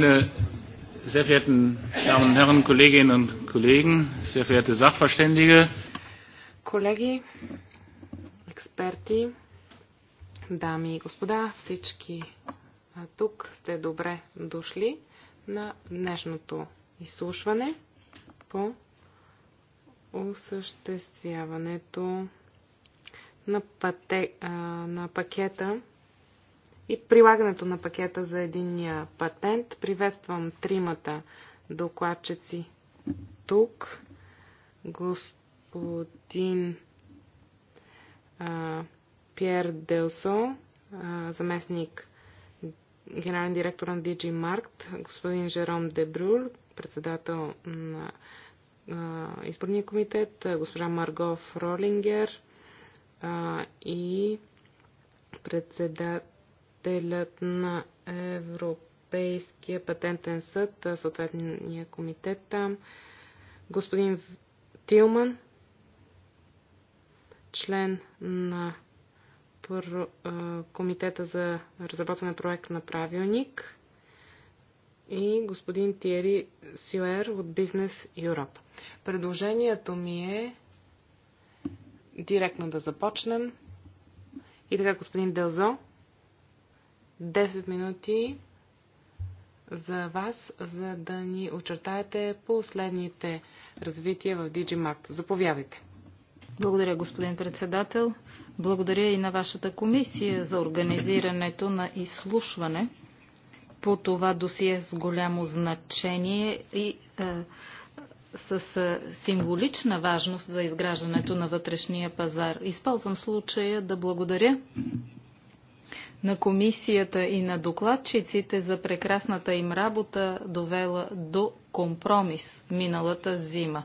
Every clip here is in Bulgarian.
meine sehr verehrten Damen und Herren, Kolleginnen und Kollegen, sehr verehrte Sachverständige. Колеги, експерти, дами и господа, всички тук сте добре дошли на днешното изслушване по осъществяването на, пате, на пакета и прилагането на пакета за единния патент. Приветствам тримата докладчици тук. Господин а, Пьер Делсо, а, заместник генерален директор на DG Markt, господин Жером Дебрюр, председател на изборния комитет, госпожа Маргов Ролингер а, и председател представителят на Европейския патентен съд, съответния комитет там, господин Тилман, член на Комитета за разработване проект на правилник и господин Тиери Сюер от Business Юроп. Предложението ми е директно да започнем. И така, господин Делзо, 10 минути за вас, за да ни очертаете последните развития в DigiMart. Заповядайте. Благодаря, господин председател. Благодаря и на вашата комисия за организирането на изслушване по това досие с голямо значение и е, с е, символична важност за изграждането на вътрешния пазар. Използвам случая да благодаря на комисията и на докладчиците за прекрасната им работа, довела до компромис миналата зима.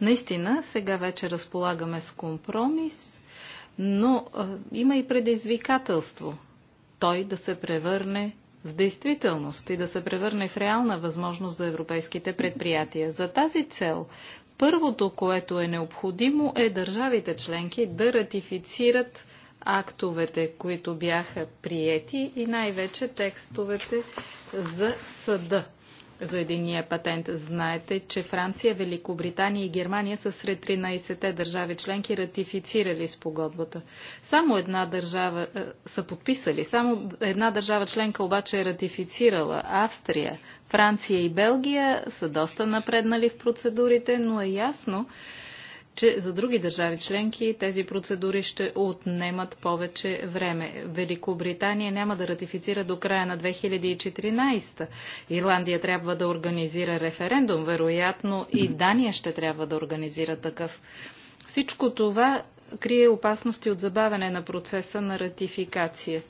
Наистина, сега вече разполагаме с компромис, но а, има и предизвикателство той да се превърне в действителност и да се превърне в реална възможност за европейските предприятия. За тази цел първото, което е необходимо, е държавите членки да ратифицират актовете, които бяха приети и най-вече текстовете за съда за единия патент. Знаете, че Франция, Великобритания и Германия са сред 13-те държави членки ратифицирали спогодбата. Само една държава е, са подписали, само една държава членка обаче е ратифицирала. Австрия, Франция и Белгия са доста напреднали в процедурите, но е ясно, че за други държави членки тези процедури ще отнемат повече време. Великобритания няма да ратифицира до края на 2014. Ирландия трябва да организира референдум, вероятно и Дания ще трябва да организира такъв. Всичко това крие опасности от забавяне на процеса на ратификация.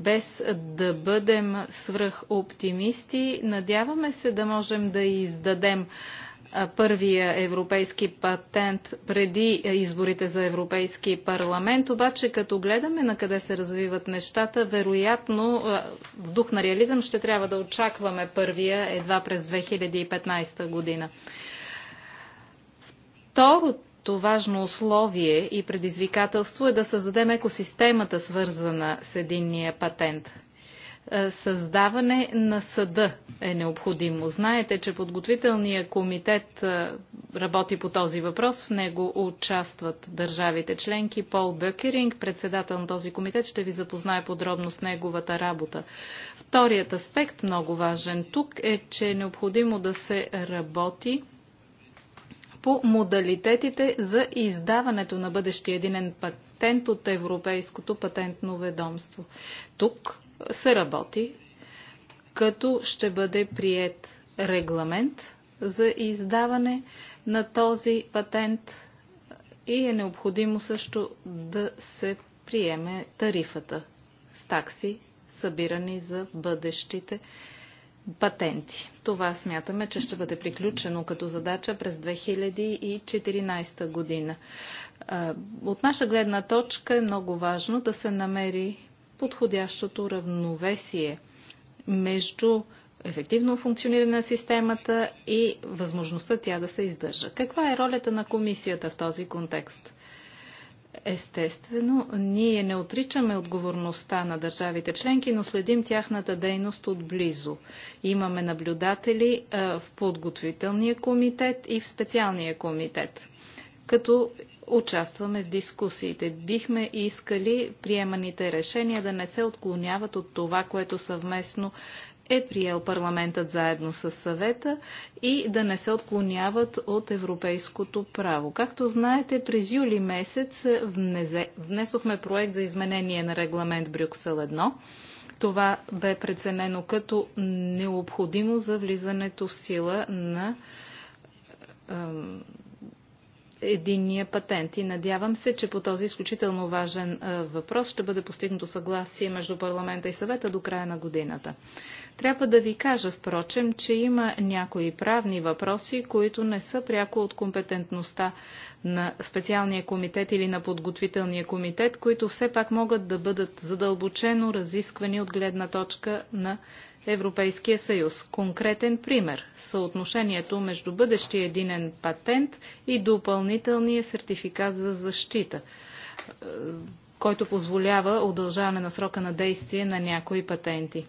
Без да бъдем свръхоптимисти, надяваме се да можем да издадем първия европейски патент преди изборите за Европейски парламент. Обаче, като гледаме на къде се развиват нещата, вероятно в дух на реализъм ще трябва да очакваме първия едва през 2015 година. Второто важно условие и предизвикателство е да създадем екосистемата, свързана с единния патент – е, създаване на съда е необходимо. Знаете, че подготвителният комитет е, работи по този въпрос. В него участват държавите членки. Пол Бъкеринг, председател на този комитет, ще ви запознае подробно с неговата работа. Вторият аспект, много важен тук, е, че е необходимо да се работи по модалитетите за издаването на бъдещия единен патент от Европейското патентно ведомство. Тук се работи, като ще бъде прият регламент за издаване на този патент и е необходимо също да се приеме тарифата с такси, събирани за бъдещите патенти. Това смятаме, че ще бъде приключено като задача през 2014 година. Е, от наша гледна точка е много важно да се намери подходящото равновесие между ефективно функциониране на системата и възможността тя да се издържа. Каква е ролята на комисията в този контекст? Естествено, ние не отричаме отговорността на държавите членки, но следим тяхната дейност отблизо. Имаме наблюдатели в подготвителния комитет и в специалния комитет. Като участваме в дискусиите. Бихме искали приеманите решения да не се отклоняват от това, което съвместно е приел парламентът заедно с съвета и да не се отклоняват от европейското право. Както знаете, през юли месец внесохме проект за изменение на регламент Брюксел 1. Това бе преценено като необходимо за влизането в сила на единния патент. И надявам се, че по този изключително важен въпрос ще бъде постигнато съгласие между парламента и съвета до края на годината. Трябва да ви кажа, впрочем, че има някои правни въпроси, които не са пряко от компетентността на специалния комитет или на подготвителния комитет, които все пак могат да бъдат задълбочено разисквани от гледна точка на Европейския съюз. Конкретен пример – съотношението между бъдещия единен патент и допълнителния сертификат за защита, който позволява удължаване на срока на действие на някои патенти.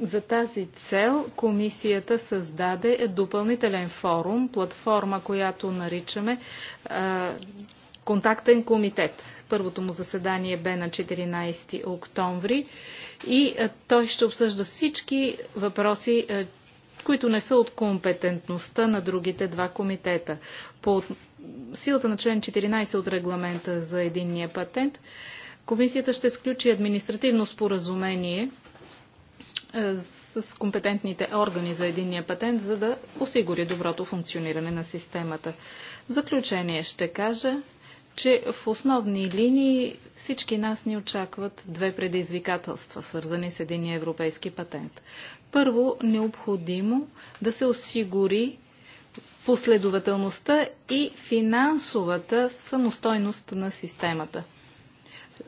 За тази цел комисията създаде допълнителен форум, платформа, която наричаме контактен комитет. Първото му заседание бе на 14 октомври и е, той ще обсъжда всички въпроси, е, които не са от компетентността на другите два комитета. По силата на член 14 от регламента за единния патент, комисията ще сключи административно споразумение е, с компетентните органи за единния патент, за да осигури доброто функциониране на системата. В заключение ще кажа, че в основни линии всички нас ни очакват две предизвикателства, свързани с един европейски патент. Първо, необходимо да се осигури последователността и финансовата самостойност на системата.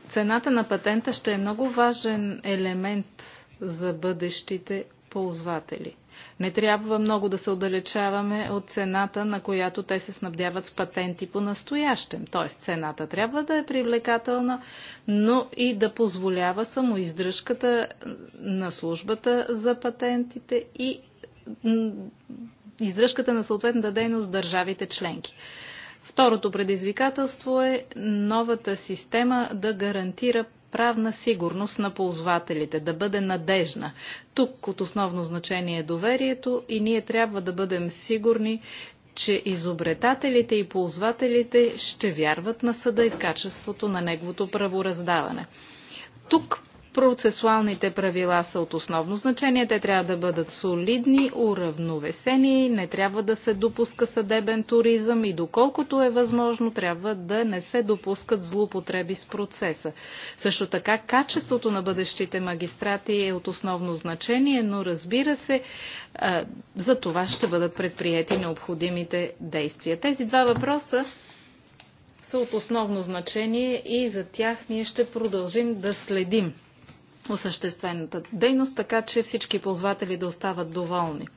Цената на патента ще е много важен елемент за бъдещите ползватели. Не трябва много да се отдалечаваме от цената, на която те се снабдяват с патенти по настоящем. Т.е. цената трябва да е привлекателна, но и да позволява самоиздръжката на службата за патентите и издръжката на съответната дейност държавите членки. Второто предизвикателство е новата система да гарантира правна сигурност на ползвателите, да бъде надежна. Тук от основно значение е доверието и ние трябва да бъдем сигурни, че изобретателите и ползвателите ще вярват на съда и в качеството на неговото правораздаване. Тук Процесуалните правила са от основно значение. Те трябва да бъдат солидни, уравновесени, не трябва да се допуска съдебен туризъм и доколкото е възможно, трябва да не се допускат злоупотреби с процеса. Също така, качеството на бъдещите магистрати е от основно значение, но разбира се, за това ще бъдат предприяти необходимите действия. Тези два въпроса са от основно значение и за тях ние ще продължим да следим осъществената дейност, така че всички ползватели да остават доволни.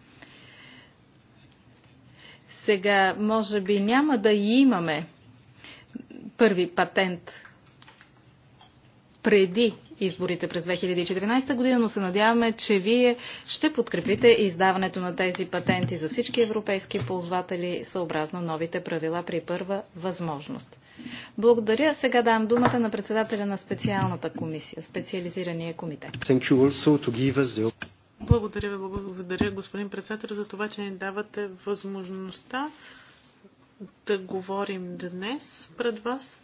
Сега, може би няма да имаме първи патент преди изборите през 2014 година, но се надяваме, че вие ще подкрепите издаването на тези патенти за всички европейски ползватели съобразно новите правила при първа възможност. Благодаря. Сега давам думата на председателя на специалната комисия, специализирания комитет. Благодаря ви, благодаря господин председател за това, че ни давате възможността да говорим днес пред вас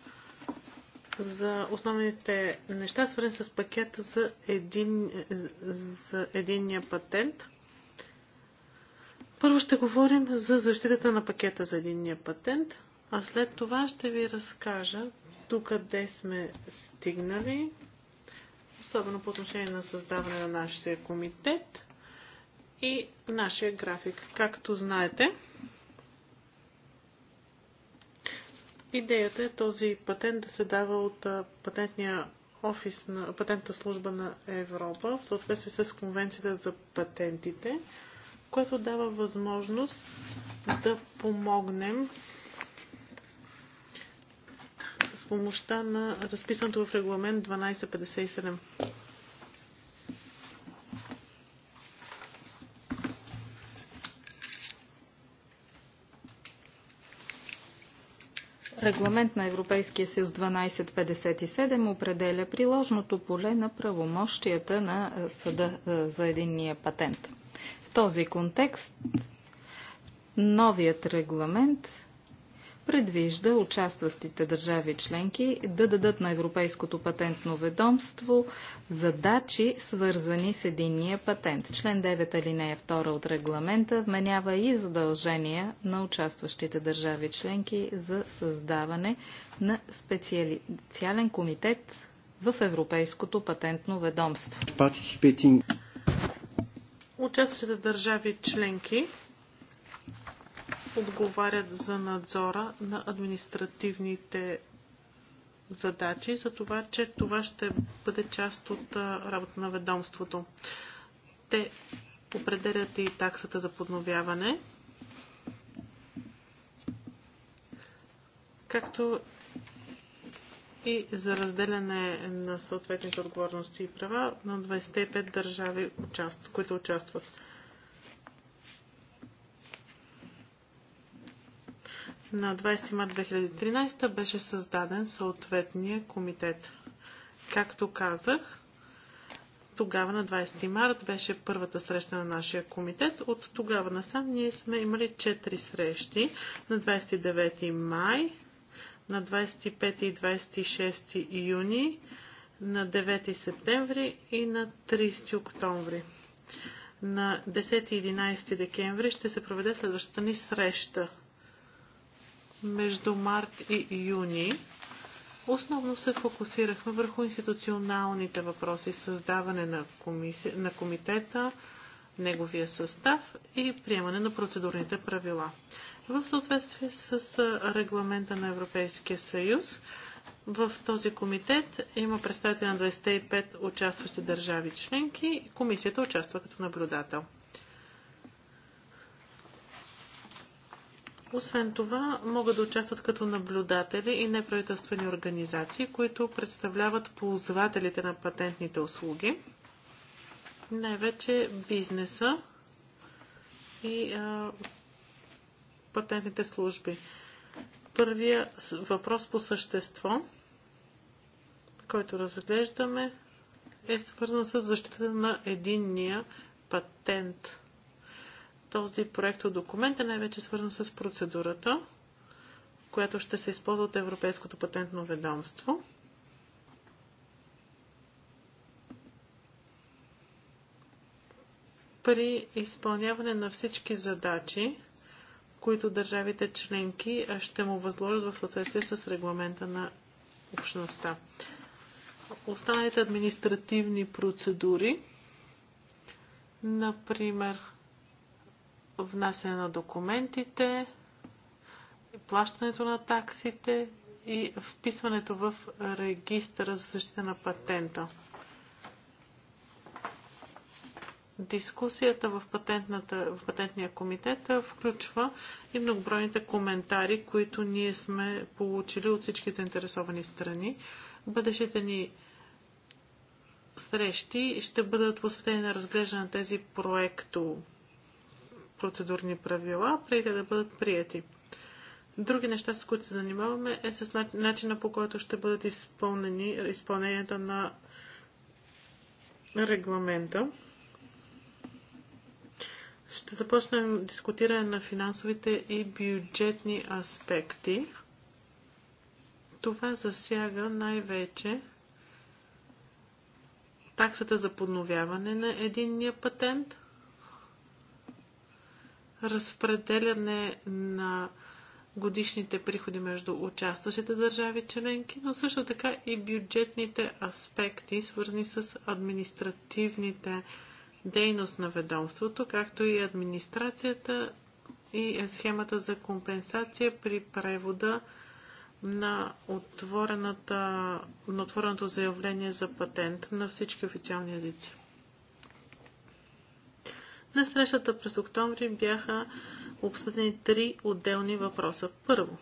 за основните неща, свързани с пакета за, един, за единния патент. Първо ще говорим за защитата на пакета за единния патент, а след това ще ви разкажа тук къде сме стигнали, особено по отношение на създаване на нашия комитет и нашия график. Както знаете, Идеята е този патент да се дава от патентния офис на патентна служба на Европа в съответствие с конвенцията за патентите, което дава възможност да помогнем с помощта на разписаното в регламент 1257. Регламент на Европейския съюз 1257 определя приложното поле на правомощията на е, съда е, за единния патент. В този контекст новият регламент предвижда участващите държави членки да дадат на Европейското патентно ведомство задачи, свързани с единния патент. Член 9 алинея 2 от регламента вменява и задължения на участващите държави членки за създаване на специален комитет в Европейското патентно ведомство. Участващите държави членки отговарят за надзора на административните задачи, за това, че това ще бъде част от работа на ведомството. Те определят и таксата за подновяване, както и за разделяне на съответните отговорности и права на 25 държави, които участват. На 20 март 2013 беше създаден съответния комитет. Както казах, тогава на 20 март беше първата среща на нашия комитет. От тогава насам ние сме имали 4 срещи. На 29 май, на 25 и 26 юни, на 9 септември и на 30 октомври. На 10 и 11 декември ще се проведе следващата ни среща между март и юни основно се фокусирахме върху институционалните въпроси, създаване на, комисия, на комитета, неговия състав и приемане на процедурните правила. В съответствие с регламента на Европейския съюз, в този комитет има представители на 25 участващи държави членки и комисията участва като наблюдател. Освен това, могат да участват като наблюдатели и неправителствени организации, които представляват ползвателите на патентните услуги, най-вече бизнеса и а, патентните служби. Първия въпрос по същество, който разглеждаме, е свързан с защита на единния патент. Този проект от документ е най-вече свързан с процедурата, която ще се използва от Европейското патентно ведомство. При изпълняване на всички задачи, които държавите членки ще му възложат в съответствие с регламента на общността. Останалите административни процедури, например внасяне на документите, плащането на таксите и вписването в регистъра за защита на патента. Дискусията в, в патентния комитет включва и многобройните коментари, които ние сме получили от всички заинтересовани страни. Бъдещите ни срещи ще бъдат посветени на разглеждане на тези проекто процедурни правила, преди да бъдат прияти. Други неща, с които се занимаваме, е с начина по който ще бъдат изпълнени изпълненията на регламента. Ще започнем дискутиране на финансовите и бюджетни аспекти. Това засяга най-вече таксата за подновяване на единния патент – разпределяне на годишните приходи между участващите държави членки, но също така и бюджетните аспекти, свързани с административните дейност на ведомството, както и администрацията и схемата за компенсация при превода на, на отвореното заявление за патент на всички официални езици. На срещата през октомври бяха обсъдени три отделни въпроса. Първо,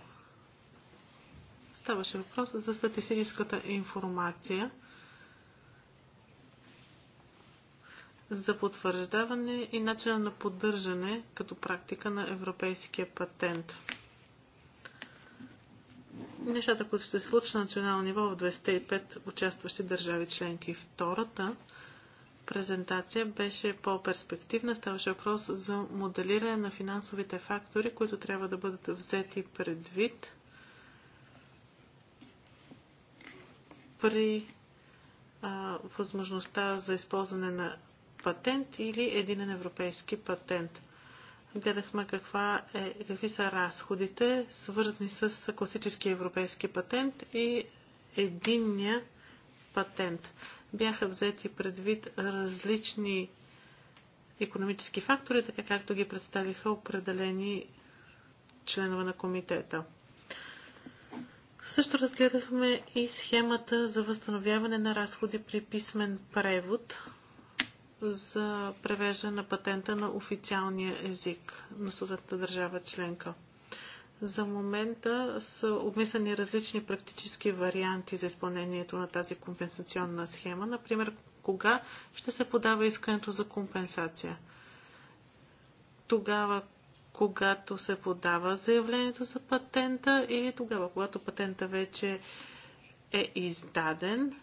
ставаше въпрос за статистическата информация за потвърждаване и начина на поддържане като практика на европейския патент. Нещата, които ще се случат на национално ниво в 205 участващи държави членки. Втората презентация беше по-перспективна. Ставаше въпрос за моделиране на финансовите фактори, които трябва да бъдат взети предвид при а, възможността за използване на патент или един европейски патент. Гледахме каква е, какви са разходите, свързани с класически европейски патент и единния патент бяха взети предвид различни економически фактори, така както ги представиха определени членове на комитета. Също разгледахме и схемата за възстановяване на разходи при писмен превод за превеждане на патента на официалния език на съответната държава членка. За момента са обмислени различни практически варианти за изпълнението на тази компенсационна схема. Например, кога ще се подава искането за компенсация? Тогава, когато се подава заявлението за патента или тогава, когато патента вече е издаден,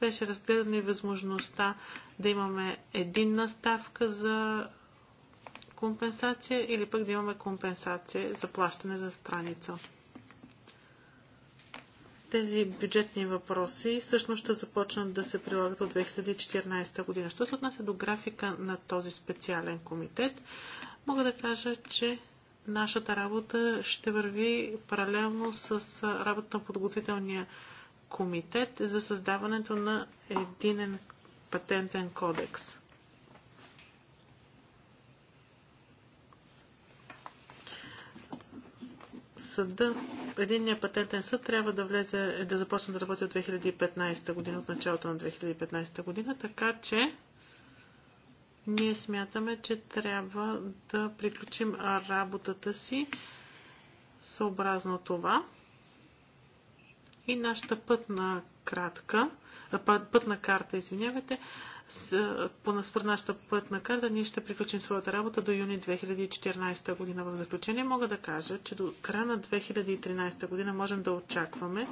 беше разгледана и възможността да имаме единна ставка за компенсация или пък да имаме компенсация за плащане за страница. Тези бюджетни въпроси всъщност ще започнат да се прилагат от 2014 година. Що се отнася до графика на този специален комитет, мога да кажа, че нашата работа ще върви паралелно с работа на подготвителния комитет за създаването на единен патентен кодекс. съда, единния патентен съд трябва да влезе, да започне да работи от 2015 година, от началото на 2015 година, така че ние смятаме, че трябва да приключим работата си съобразно това. И нашата пътна кратка, пътна карта, извинявайте, според нашата пътна карта ние ще приключим своята работа до юни 2014 година. В заключение мога да кажа, че до края на 2013 година можем да очакваме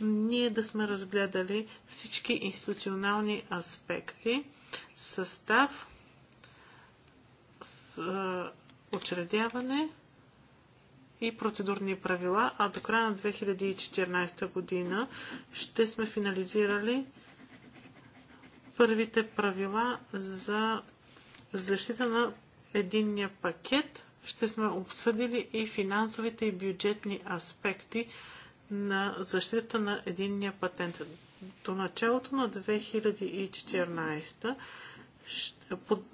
ние да сме разгледали всички институционални аспекти, състав, с, е, учредяване, и процедурни правила, а до края на 2014 година ще сме финализирали първите правила за защита на единния пакет. Ще сме обсъдили и финансовите и бюджетни аспекти на защита на единния патент. До началото на 2014 ще, под,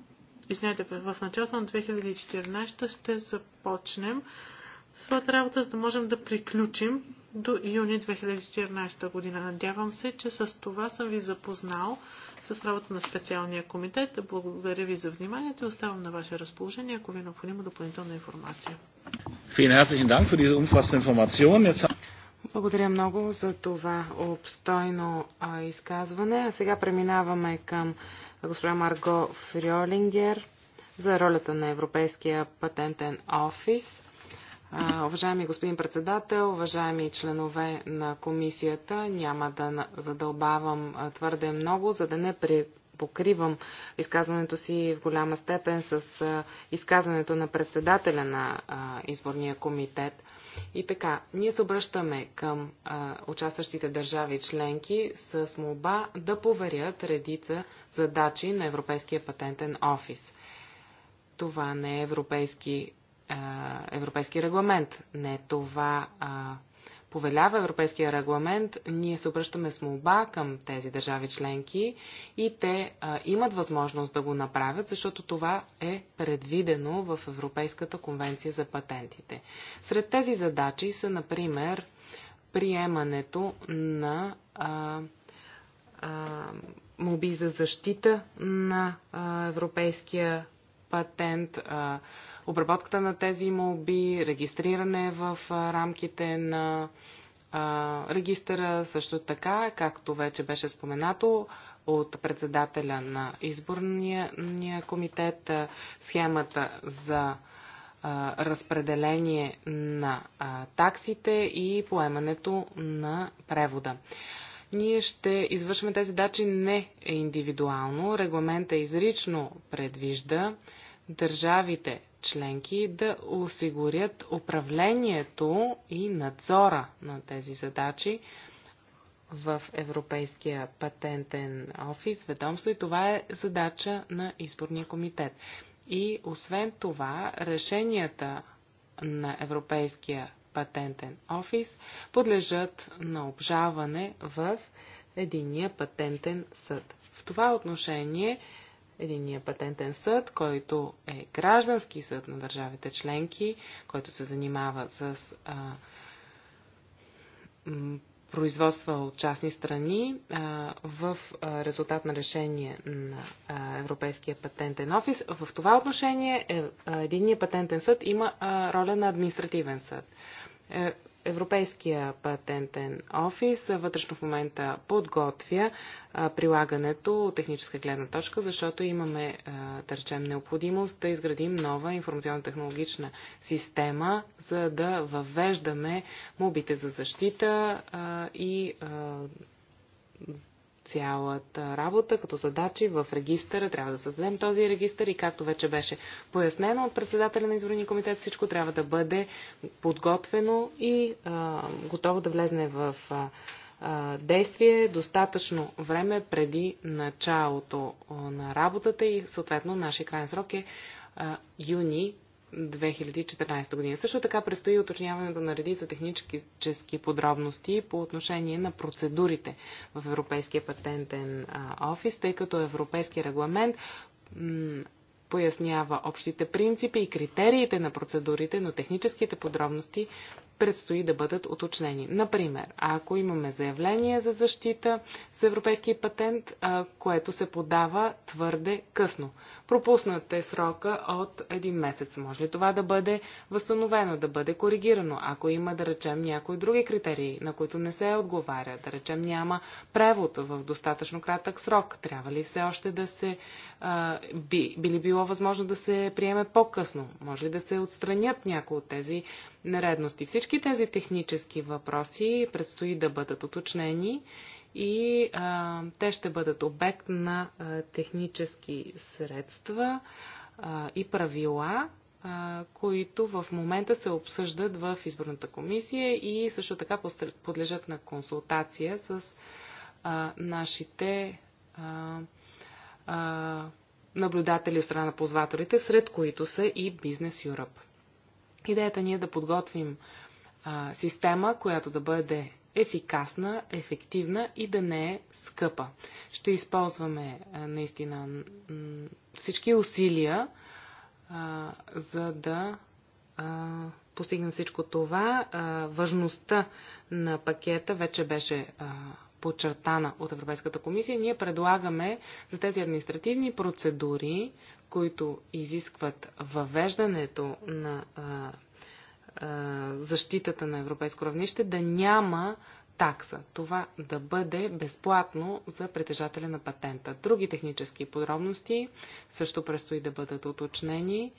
извинете, в началото на 2014 ще започнем своята работа, за да можем да приключим до юни 2014 година. Надявам се, че с това съм ви запознал с работа на специалния комитет. Благодаря ви за вниманието и оставам на ваше разположение, ако ви е необходима допълнителна информация. Благодаря много за това обстойно изказване. А сега преминаваме към госпожа Марго Фриолингер за ролята на Европейския патентен офис. Уважаеми господин председател, уважаеми членове на комисията, няма да задълбавам твърде много, за да не покривам изказването си в голяма степен с изказването на председателя на изборния комитет. И така, ние се обръщаме към а, участващите държави членки с молба да поверят редица задачи на Европейския патентен офис. Това не е европейски е, европейски регламент. Не това а, повелява европейския регламент. Ние се обръщаме с молба към тези държави членки и те а, имат възможност да го направят, защото това е предвидено в Европейската конвенция за патентите. Сред тези задачи са, например, приемането на а, а, моби за защита на а, европейския патент, обработката на тези молби, регистриране в рамките на регистъра, също така, както вече беше споменато от председателя на изборния комитет, схемата за разпределение на таксите и поемането на превода. Ние ще извършваме тези дачи не индивидуално. Регламента изрично предвижда, държавите членки да осигурят управлението и надзора на тези задачи в Европейския патентен офис, ведомство и това е задача на изборния комитет. И освен това, решенията на Европейския патентен офис подлежат на обжалване в единия патентен съд. В това отношение Единият патентен съд, който е граждански съд на държавите членки, който се занимава с а, производства от частни страни а, в а, резултат на решение на а, Европейския патентен офис. В това отношение е, Единния патентен съд има роля на административен съд. Е, Европейския патентен офис вътрешно в момента подготвя прилагането от техническа гледна точка, защото имаме, да речем, необходимост да изградим нова информационно-технологична система, за да въвеждаме мобите за защита и цялата работа като задачи в регистъра. Трябва да създадем този регистър и както вече беше пояснено от председателя на изборния комитет, всичко трябва да бъде подготвено и а, готово да влезне в а, действие достатъчно време преди началото на работата и съответно нашия крайен срок е а, юни 2014 година. Също така предстои уточняването на редица технически подробности по отношение на процедурите в Европейския патентен офис, тъй като Европейския регламент пояснява общите принципи и критериите на процедурите, но техническите подробности предстои да бъдат уточнени. Например, ако имаме заявление за защита с европейски патент, което се подава твърде късно. Пропуснат е срока от един месец. Може ли това да бъде възстановено, да бъде коригирано? Ако има, да речем, някои други критерии, на които не се отговаря, да речем, няма превод в достатъчно кратък срок, трябва ли все още да се би, били било било възможно да се приеме по-късно? Може ли да се отстранят някои от тези нередности? Всички тези технически въпроси предстои да бъдат уточнени и а, те ще бъдат обект на а, технически средства а, и правила, а, които в момента се обсъждат в изборната комисия и също така подлежат на консултация с а, нашите а, а, наблюдатели от страна на ползвателите, сред които са и Бизнес Europe. Идеята ни е да подготвим а, система, която да бъде ефикасна, ефективна и да не е скъпа. Ще използваме а, наистина всички усилия, а, за да а, постигнем всичко това. А, важността на пакета вече беше а, подчертана от Европейската комисия, ние предлагаме за тези административни процедури, които изискват въвеждането на защитата на европейско равнище, да няма такса. Това да бъде безплатно за притежателя на патента. Други технически подробности също предстои да бъдат уточнени.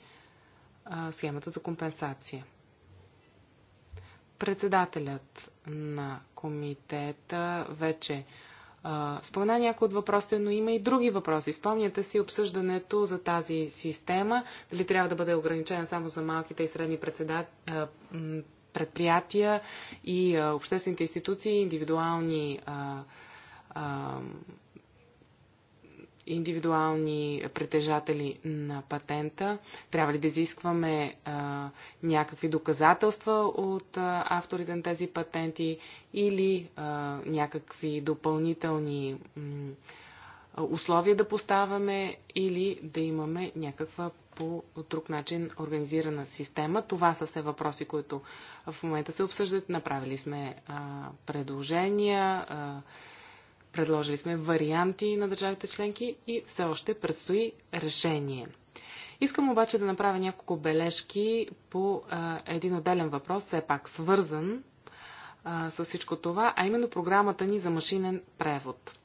схемата за компенсация. Председателят на комитета вече спомена някои от въпросите, но има и други въпроси. Спомняте си обсъждането за тази система, дали трябва да бъде ограничена само за малките и средни предприятия и обществените институции, индивидуални а, индивидуални притежатели на патента? Трябва ли да изискваме а, някакви доказателства от а, авторите на тези патенти или а, някакви допълнителни условия да поставяме или да имаме някаква по друг начин организирана система. Това са все въпроси, които в момента се обсъждат. Направили сме а, предложения. А, Предложили сме варианти на държавите членки и все още предстои решение. Искам обаче да направя няколко бележки по а, един отделен въпрос, все пак свързан а, с всичко това, а именно програмата ни за машинен превод.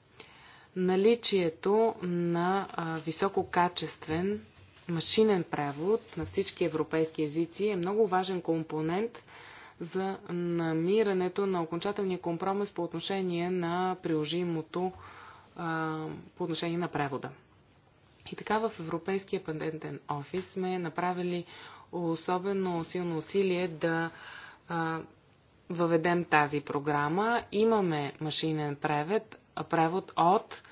Наличието на а, висококачествен машинен превод на всички европейски езици е много важен компонент – за намирането на окончателния компромис по отношение на приложимото по отношение на превода. И така в Европейския патентен офис сме направили особено силно усилие да въведем тази програма. Имаме машинен превед, превод от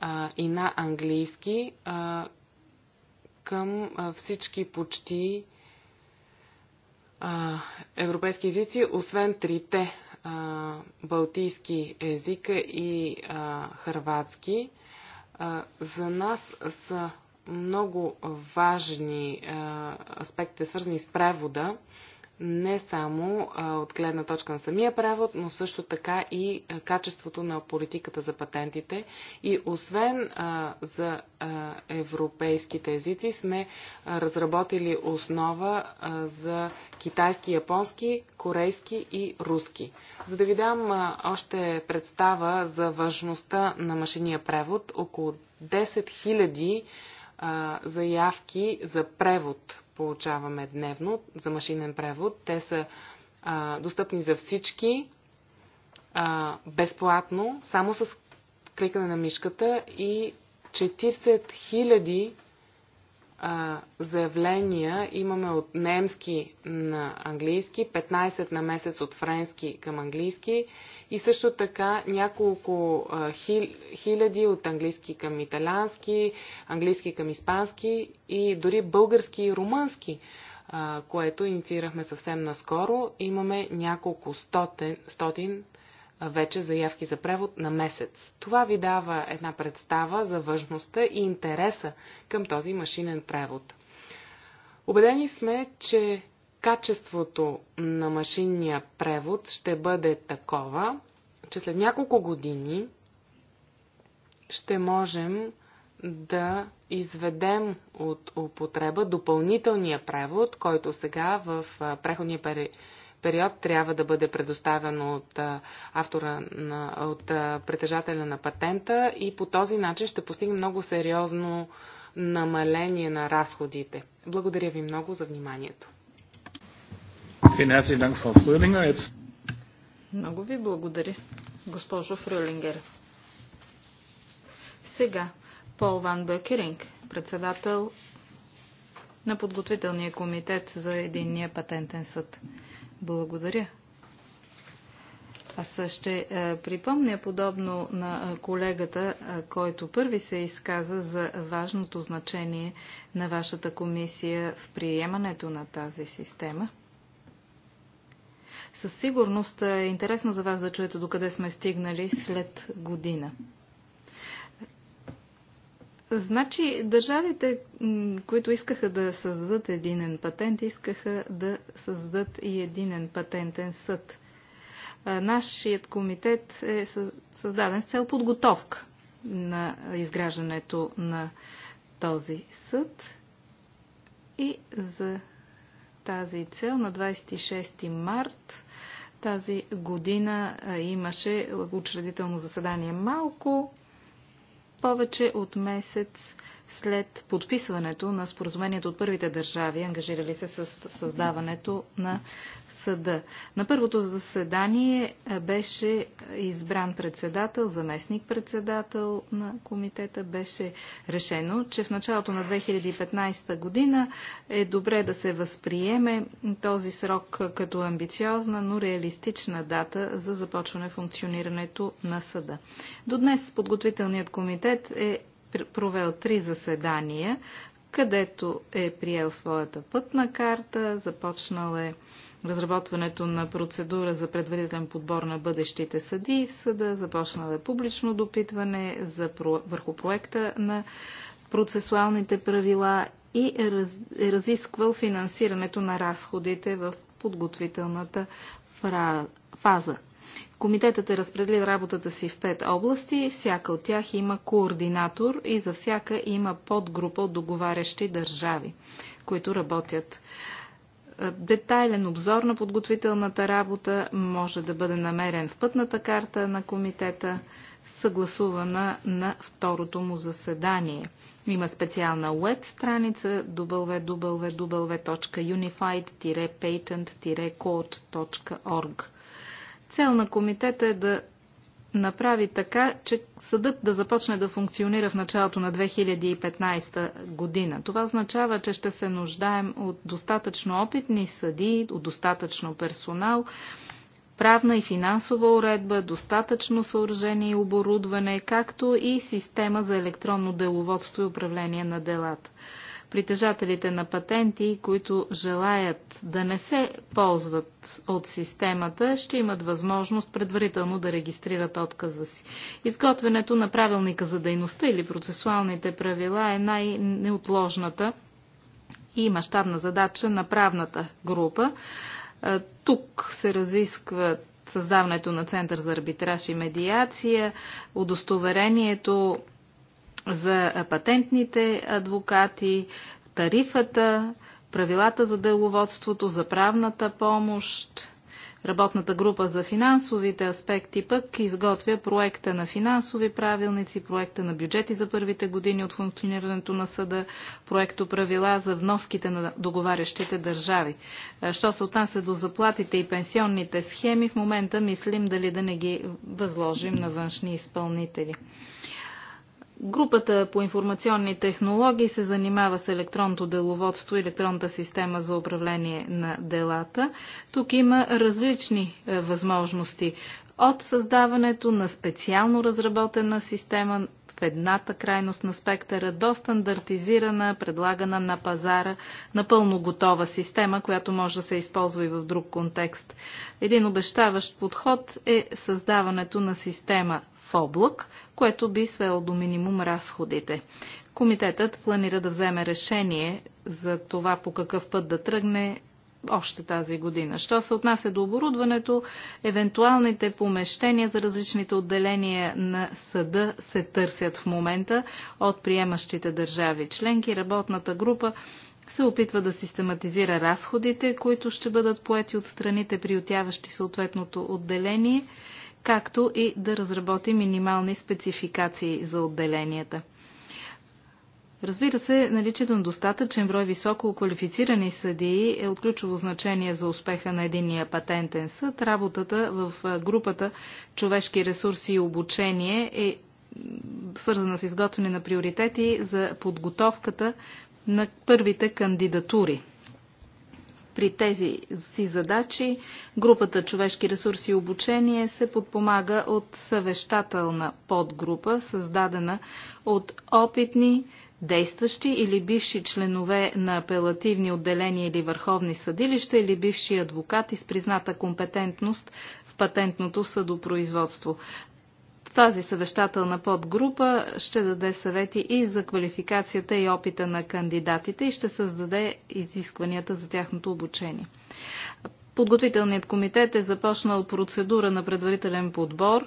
а, и на английски а, към а, всички почти а, европейски езици, освен трите а, балтийски езика и а, хърватски, а, за нас са много важни а, аспекти, свързани с превода не само от гледна точка на самия превод, но също така и качеството на политиката за патентите. И освен за европейските езици, сме разработили основа за китайски, японски, корейски и руски. За да ви дам още представа за важността на машиния превод, около 10 000 заявки за превод получаваме дневно за машинен превод. Те са а, достъпни за всички а, безплатно, само с кликане на мишката и 40 000 а, заявления имаме от немски на английски, 15 на месец от френски към английски и също така няколко а, хил, хиляди от английски към италиански, английски към испански и дори български и румънски, а, което инициирахме съвсем наскоро. Имаме няколко стотин, стотин вече заявки за превод на месец. Това ви дава една представа за важността и интереса към този машинен превод. Обедени сме, че качеството на машинния превод ще бъде такова, че след няколко години ще можем да изведем от употреба допълнителния превод, който сега в преходния период период трябва да бъде предоставено от автора на, от притежателя на патента и по този начин ще постигне много сериозно намаление на разходите. Благодаря ви много за вниманието. Много ви благодаря, госпожо Фрюлингер. Сега Пол Ван Бъкеринг, председател на подготвителния комитет за единния патентен съд. Благодаря. Аз ще е, припомня подобно на е, колегата, е, който първи се изказа за важното значение на вашата комисия в приемането на тази система. Със сигурност е интересно за вас да чуете докъде сме стигнали след година. Значи, държавите, които искаха да създадат единен патент, искаха да създадат и единен патентен съд. Нашият комитет е създаден с цел подготовка на изграждането на този съд и за тази цел на 26 март тази година имаше учредително заседание малко повече от месец след подписването на споразумението от първите държави, ангажирали се с създаването на съда. На първото заседание е, беше избран председател, заместник-председател на комитета. Беше решено, че в началото на 2015 година е добре да се възприеме този срок като амбициозна, но реалистична дата за започване функционирането на съда. До днес подготвителният комитет е провел три заседания, където е приел своята пътна карта, започнал е разработването на процедура за предварителен подбор на бъдещите съди. Съда започна да е публично допитване за, върху проекта на процесуалните правила и е, раз, е разисквал финансирането на разходите в подготвителната фаза. Комитетът е разпределил работата си в пет области, всяка от тях има координатор и за всяка има подгрупа от договарящи държави, които работят детайлен обзор на подготвителната работа може да бъде намерен в пътната карта на комитета, съгласувана на второто му заседание. Има специална веб страница www.unified-patent-court.org. Цел на комитета е да направи така, че съдът да започне да функционира в началото на 2015 година. Това означава, че ще се нуждаем от достатъчно опитни съди, от достатъчно персонал, правна и финансова уредба, достатъчно съоръжение и оборудване, както и система за електронно деловодство и управление на делата притежателите на патенти, които желаят да не се ползват от системата, ще имат възможност предварително да регистрират отказа си. Изготвянето на правилника за дейността или процесуалните правила е най-неотложната и мащабна задача на правната група. Е, тук се разискват създаването на Център за арбитраж и медиация, удостоверението за патентните адвокати, тарифата, правилата за деловодството, за правната помощ. Работната група за финансовите аспекти пък изготвя проекта на финансови правилници, проекта на бюджети за първите години от функционирането на съда, проекто правила за вноските на договарящите държави. Що се отнася до заплатите и пенсионните схеми, в момента мислим дали да не ги възложим на външни изпълнители. Групата по информационни технологии се занимава с електронното деловодство и електронната система за управление на делата. Тук има различни е, възможности. От създаването на специално разработена система в едната крайност на спектъра до стандартизирана, предлагана на пазара, напълно готова система, която може да се използва и в друг контекст. Един обещаващ подход е създаването на система в облак, което би свело до минимум разходите. Комитетът планира да вземе решение за това по какъв път да тръгне още тази година. Що се отнася до оборудването, евентуалните помещения за различните отделения на съда се търсят в момента от приемащите държави членки. Работната група се опитва да систематизира разходите, които ще бъдат поети от страните, приютяващи съответното отделение както и да разработи минимални спецификации за отделенията. Разбира се, наличието на достатъчен брой високо квалифицирани съдии е от ключово значение за успеха на единния патентен съд. Работата в групата човешки ресурси и обучение е свързана с изготвяне на приоритети за подготовката на първите кандидатури при тези си задачи групата човешки ресурси и обучение се подпомага от съвещателна подгрупа, създадена от опитни, действащи или бивши членове на апелативни отделения или върховни съдилища или бивши адвокати с призната компетентност в патентното съдопроизводство. Тази съвещателна подгрупа ще даде съвети и за квалификацията и опита на кандидатите и ще създаде изискванията за тяхното обучение. Подготвителният комитет е започнал процедура на предварителен подбор,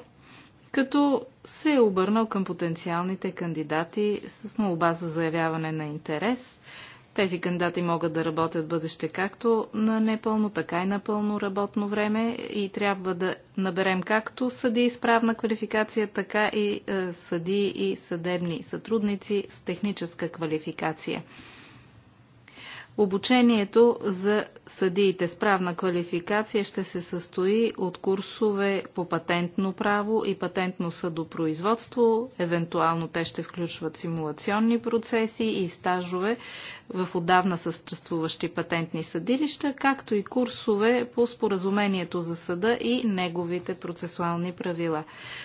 като се е обърнал към потенциалните кандидати с молба за заявяване на интерес – тези кандидати могат да работят бъдеще както на непълно, така и на пълно работно време и трябва да наберем както съди с правна квалификация, така и е, съди и съдебни сътрудници с техническа квалификация. Обучението за съдиите с правна квалификация ще се състои от курсове по патентно право и патентно съдопроизводство. Евентуално те ще включват симулационни процеси и стажове в отдавна съществуващи патентни съдилища, както и курсове по споразумението за съда и неговите процесуални правила.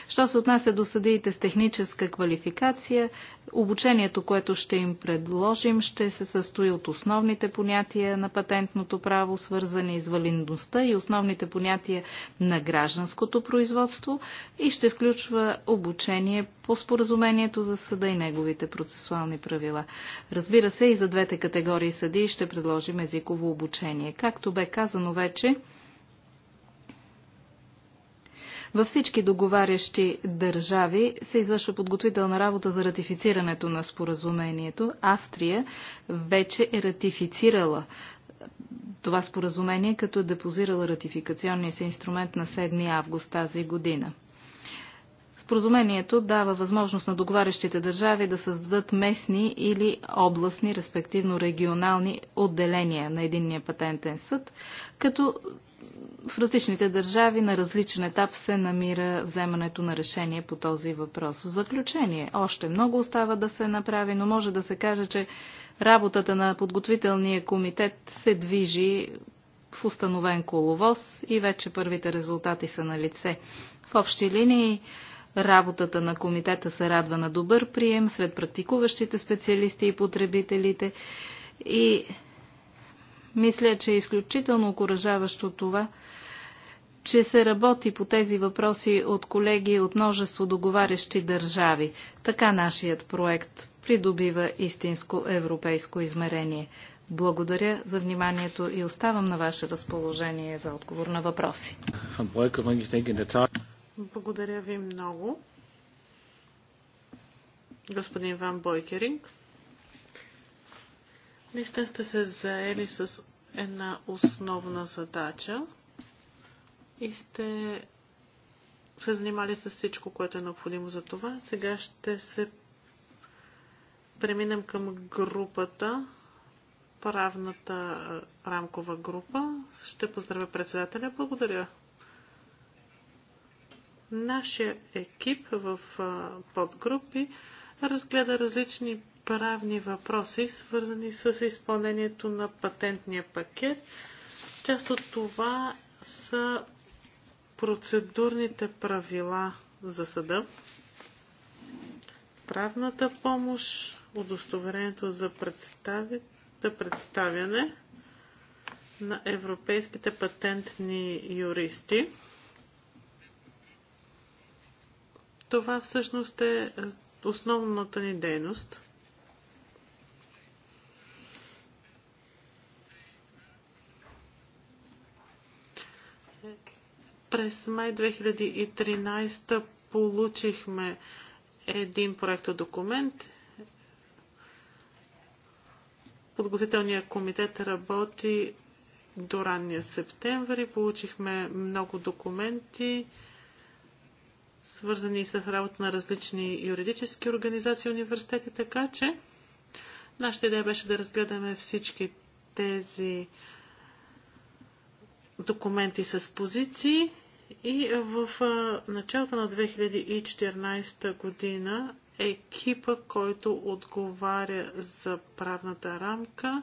Що се отнася до съдиите с техническа квалификация, обучението, което ще им предложим, ще се състои от основни основните понятия на патентното право, свързани с валидността и основните понятия на гражданското производство и ще включва обучение по споразумението за съда и неговите процесуални правила. Разбира се, и за двете категории съдии ще предложим езиково обучение. Както бе казано вече, във всички договарящи държави се извършва подготвителна работа за ратифицирането на споразумението. Австрия вече е ратифицирала това споразумение, като е депозирала ратификационния си инструмент на 7 август тази година. Споразумението дава възможност на договарящите държави да създадат местни или областни, респективно регионални отделения на единния патентен съд, като в различните държави на различен етап се намира вземането на решение по този въпрос. В заключение, още много остава да се направи, но може да се каже, че работата на подготвителния комитет се движи в установен коловоз и вече първите резултати са на лице. В общи линии работата на комитета се радва на добър прием сред практикуващите специалисти и потребителите и мисля, че е изключително окоръжаващо това, че се работи по тези въпроси от колеги от множество договарящи държави. Така нашият проект придобива истинско европейско измерение. Благодаря за вниманието и оставам на ваше разположение за отговор на въпроси. Благодаря ви много. Господин Ван Бойкеринг. Наистина сте се заели с една основна задача и сте се занимали с всичко, което е необходимо за това. Сега ще се преминем към групата, правната рамкова група. Ще поздравя председателя. Благодаря. Нашия екип в подгрупи разгледа различни правни въпроси, свързани с изпълнението на патентния пакет. Част от това са процедурните правила за съда, правната помощ, удостоверението за, представи, за представяне на европейските патентни юристи. Това всъщност е, е основната ни дейност. През май 2013 получихме един документ. Подготвителният комитет работи до ранния септември. Получихме много документи, свързани с работа на различни юридически организации и университети, така че нашата идея беше да разгледаме всички тези документи с позиции и е, в е, началото на 2014 година екипа, който отговаря за правната рамка,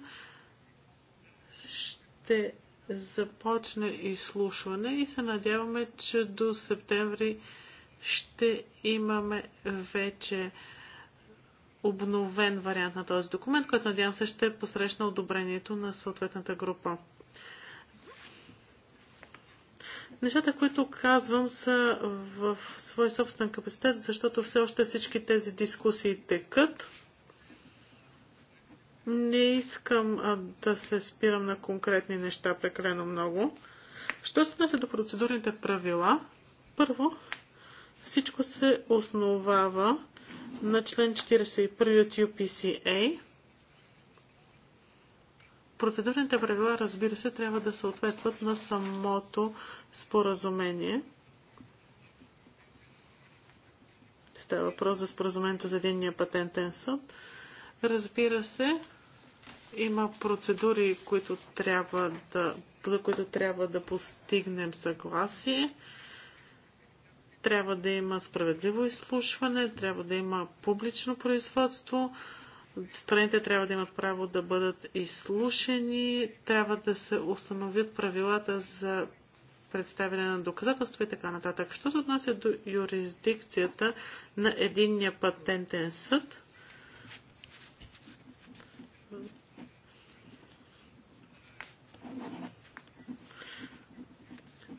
ще започне изслушване и се надяваме, че до септември ще имаме вече обновен вариант на този документ, който надявам се ще посрещна одобрението на съответната група. Нещата, които казвам, са в свой собствен капацитет, защото все още всички тези дискусии текат. Не искам а, да се спирам на конкретни неща прекалено много. Що се отнася до процедурните правила? Първо, всичко се основава на член 41 от UPCA – Процедурните правила, разбира се, трябва да съответстват на самото споразумение. Става въпрос за споразумението за единния патентен съд. Разбира се, има процедури, които трябва да, за които трябва да постигнем съгласие. Трябва да има справедливо изслушване, трябва да има публично производство, Страните трябва да имат право да бъдат изслушани, трябва да се установят правилата за представяне на доказателства и така нататък. Що се отнася до юрисдикцията на единния патентен съд,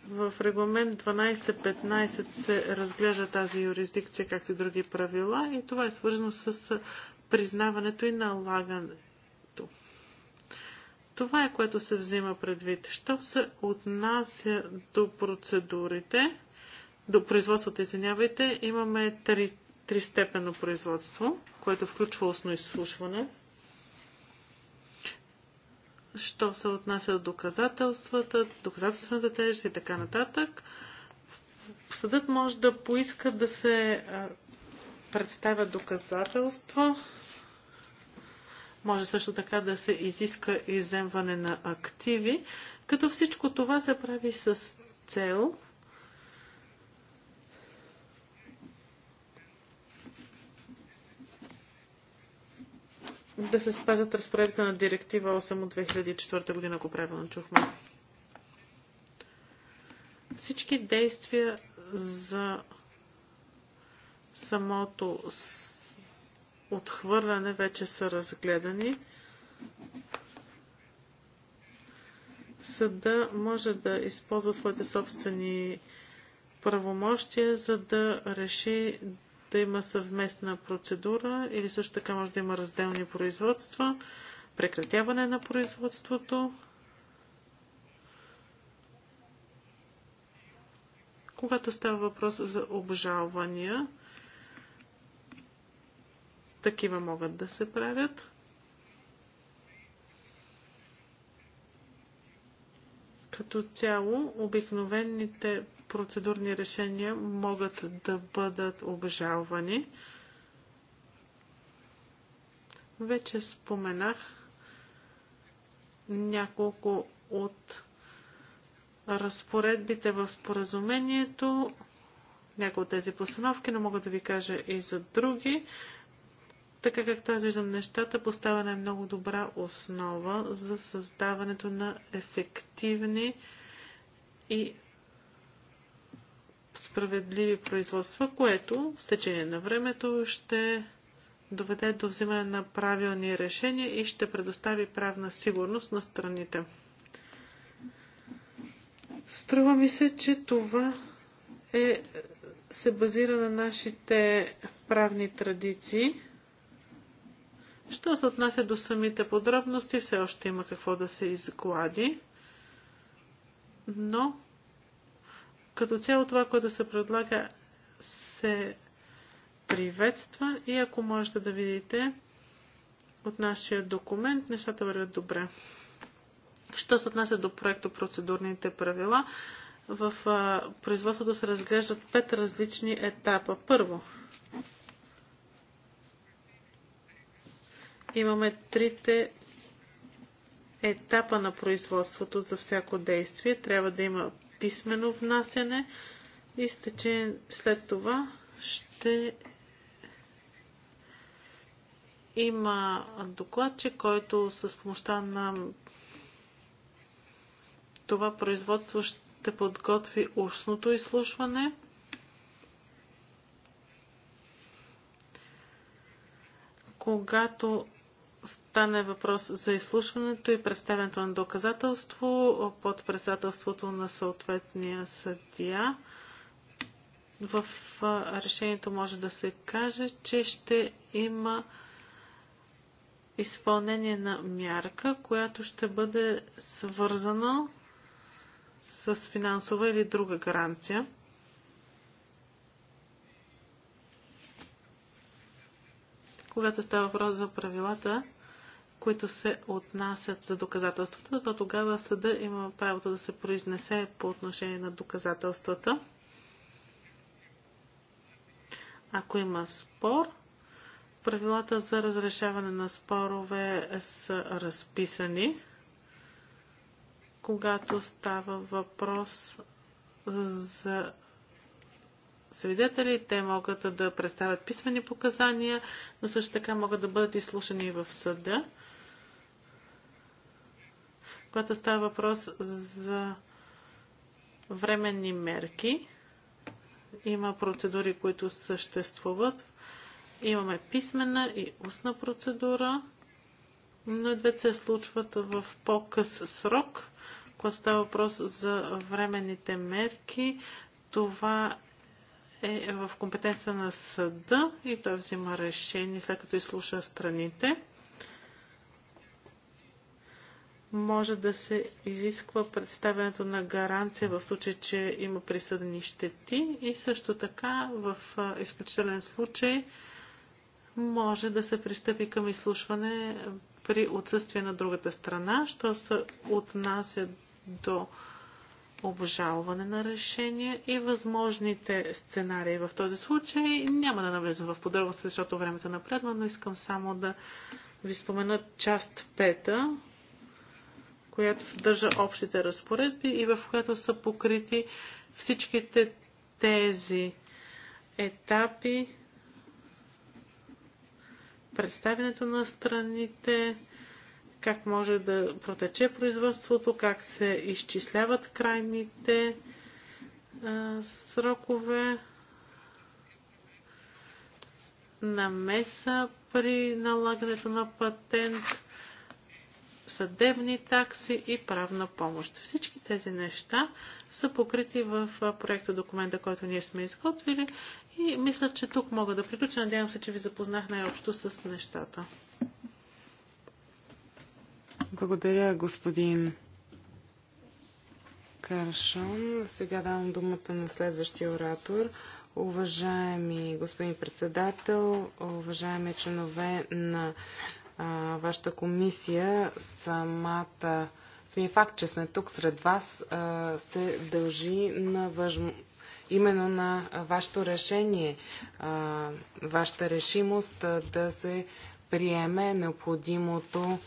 в регламент 1215 се разглежда тази юрисдикция, както и други правила, и това е свързано с признаването и налагането. Това е което се взима предвид. Що се отнася до процедурите, до производството, извинявайте, имаме три, степено производство, което включва устно изслушване. Що се отнася до доказателствата, доказателствената тежест и така нататък. Съдът може да поиска да се представят доказателства може също така да се изиска иземване на активи, като всичко това се прави с цел да се спазят разпоредите на директива 8 от 2004 година, ако правилно чухме. Всички действия за самото отхвърляне вече са разгледани. Съда може да използва своите собствени правомощия, за да реши да има съвместна процедура или също така може да има разделни производства, прекратяване на производството. Когато става въпрос за обжалвания, такива могат да се правят. Като цяло, обикновените процедурни решения могат да бъдат обжалвани. Вече споменах няколко от разпоредбите в споразумението, някои от тези постановки, но мога да ви кажа и за други. Така както аз виждам нещата, поставена е много добра основа за създаването на ефективни и справедливи производства, което с течение на времето ще доведе до взимане на правилни решения и ще предостави правна сигурност на страните. Струва ми се, че това е, се базира на нашите правни традиции. Що се отнася до самите подробности, все още има какво да се изглади, но като цяло това, което се предлага, се приветства и ако можете да видите от нашия документ, нещата вървят добре. Що се отнася до проекто процедурните правила, в производството се разглеждат пет различни етапа. Първо, Имаме трите етапа на производството за всяко действие. Трябва да има писмено внасяне и след това ще има докладче, който с помощта на това производство ще подготви устното изслушване. Когато стане въпрос за изслушването и представянето на доказателство под председателството на съответния съдия. В решението може да се каже, че ще има изпълнение на мярка, която ще бъде свързана с финансова или друга гаранция. Когато става въпрос за правилата, които се отнасят за доказателствата, то тогава съда има правото да се произнесе по отношение на доказателствата. Ако има спор, правилата за разрешаване на спорове са разписани. Когато става въпрос за свидетели, те могат да представят писмени показания, но също така могат да бъдат изслушани и в съда. Когато става въпрос за временни мерки, има процедури, които съществуват. Имаме писмена и устна процедура, но и двете се случват в по-къс срок. Когато става въпрос за временните мерки, това е в компетенция на съда и той взима решение след като изслуша страните. Може да се изисква представянето на гаранция в случай, че има присъдени щети и също така в изключителен случай може да се пристъпи към изслушване при отсъствие на другата страна, що се отнася до обжалване на решения и възможните сценарии в този случай. Няма да навлезам в подробности, защото времето е напредва, но искам само да ви спомена част пета, която съдържа общите разпоредби и в която са покрити всичките тези етапи, представянето на страните, как може да протече производството, как се изчисляват крайните а, срокове, намеса при налагането на патент, съдебни такси и правна помощ. Всички тези неща са покрити в проекта документа, който ние сме изготвили и мисля, че тук мога да приключа. Надявам се, че ви запознах най-общо с нещата. Благодаря, господин Каршон. Сега давам думата на следващия оратор. Уважаеми господин председател, уважаеми членове на а, вашата комисия, самата, самия факт, че сме тук сред вас, а, се дължи на важно, именно на вашето решение, а, вашата решимост а, да се приеме необходимото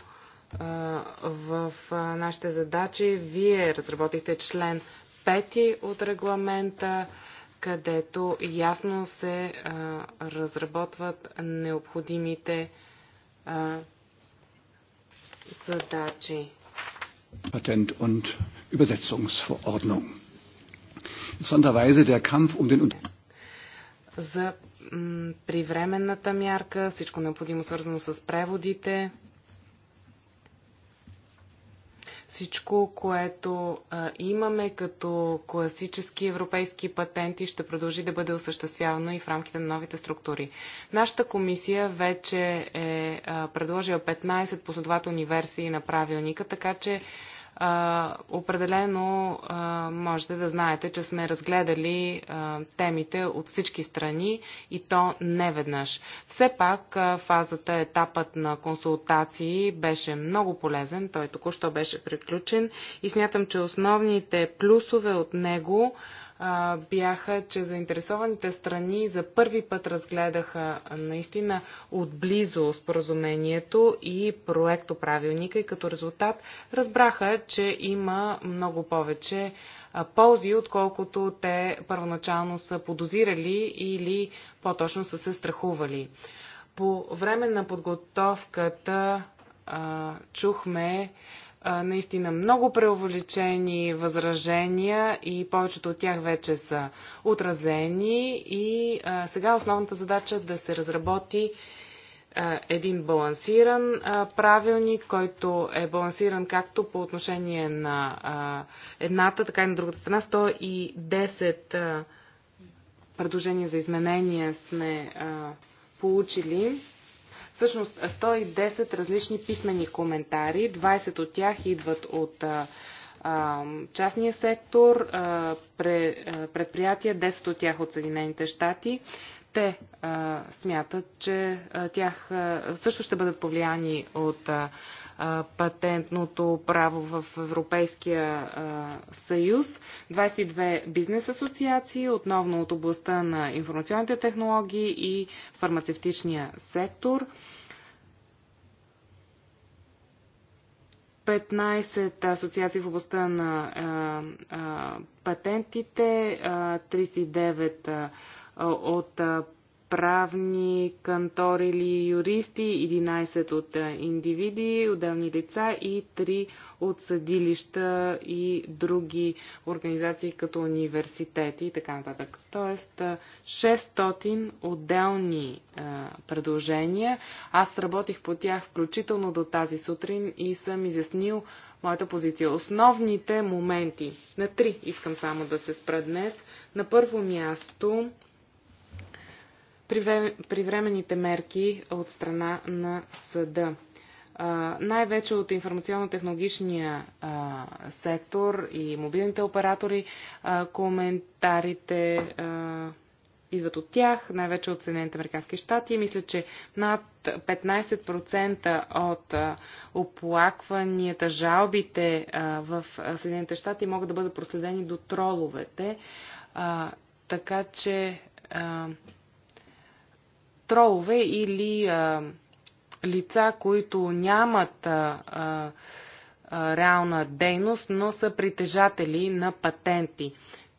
в нашите задачи. Вие разработихте член 5 от регламента, където ясно се разработват необходимите задачи. Патент и Übersetzungsverordnung. Interessanterweise der Kampf um den за привременната мярка, всичко необходимо свързано с преводите. Всичко, което а, имаме като класически европейски патенти, ще продължи да бъде осъществявано и в рамките на новите структури. Нашата комисия вече е а, предложила 15 последователни версии на правилника, така че а, определено а, можете да знаете, че сме разгледали а, темите от всички страни и то не веднъж. Все пак а, фазата, етапът на консултации беше много полезен, той току-що беше приключен и смятам, че основните плюсове от него бяха, че заинтересованите страни за първи път разгледаха наистина отблизо споразумението и проекто правилника и като резултат разбраха, че има много повече ползи, отколкото те първоначално са подозирали или по-точно са се страхували. По време на подготовката а, чухме наистина много преувеличени възражения и повечето от тях вече са отразени и сега основната задача е да се разработи един балансиран правилник, който е балансиран както по отношение на едната, така и на другата страна. 110 предложения за изменения сме получили. Всъщност 110 различни писмени коментари, 20 от тях идват от а, а, частния сектор, а, предприятия, 10 от тях от Съединените щати. Те а, смятат, че а, тях а, също ще бъдат повлияни от а, патентното право в Европейския съюз. 22 бизнес асоциации, отново от областта на информационните технологии и фармацевтичния сектор. 15 асоциации в областта на а, а, патентите, а, 39 от правни кантори или юристи, 11 от е, индивиди, отделни лица и 3 от съдилища и други организации като университети и така нататък. Тоест 600 е, отделни е, предложения. Аз работих по тях включително до тази сутрин и съм изяснил моята позиция. Основните моменти на три искам само да се спра днес. На първо място при временните мерки от страна на съда. Най-вече от информационно-технологичния сектор и мобилните оператори коментарите идват от тях, най-вече от Съединените Американски щати. Мисля, че над 15% от оплакванията, жалбите в Съединените щати могат да бъдат проследени до троловете. Така че тролове или а, лица, които нямат а, а, реална дейност, но са притежатели на патенти.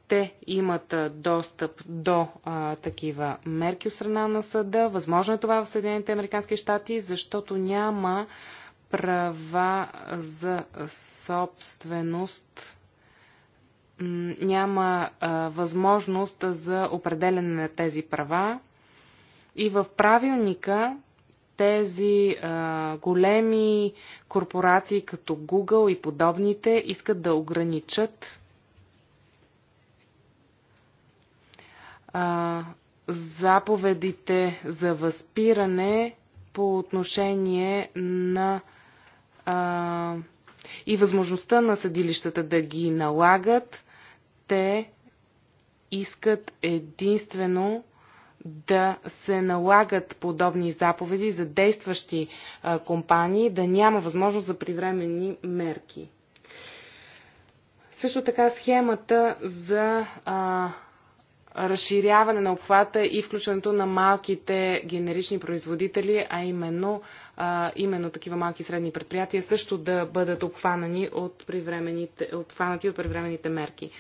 Те имат достъп до а, такива мерки от страна на съда. Възможно е това в Съединените Американски щати, защото няма права за собственост няма а, възможност за определене на тези права и в правилника тези а, големи корпорации като Google и подобните искат да ограничат а, заповедите за възпиране по отношение на а, и възможността на съдилищата да ги налагат. Те искат единствено да се налагат подобни заповеди за действащи а, компании, да няма възможност за привременни мерки. Също така схемата за а, разширяване на обхвата и включването на малките генерични производители, а именно, а, именно такива малки и средни предприятия също да бъдат обхванати от привременните, от мерки.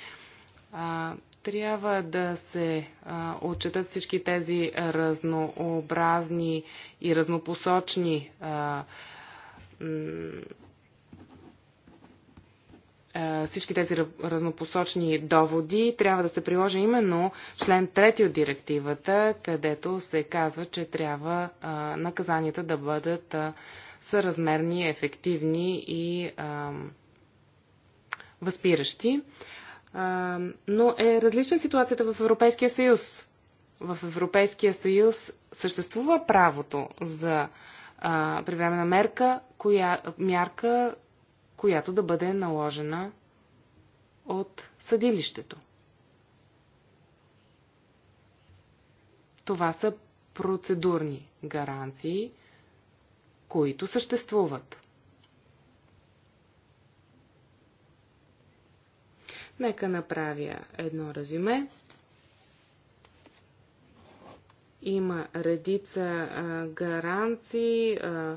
А, трябва да се а, отчетат всички тези разнообразни и разнопосочни а, всички тези разнопосочни доводи трябва да се приложи именно член 3 от директивата, където се казва, че трябва а, наказанията да бъдат а, съразмерни, ефективни и а, възпиращи. А, но е различна ситуацията в Европейския съюз. В Европейския съюз съществува правото за привремена мерка, коя, мярка, която да бъде наложена от съдилището. Това са процедурни гаранции, които съществуват. Нека направя едно резюме. Има редица а, гаранции, а,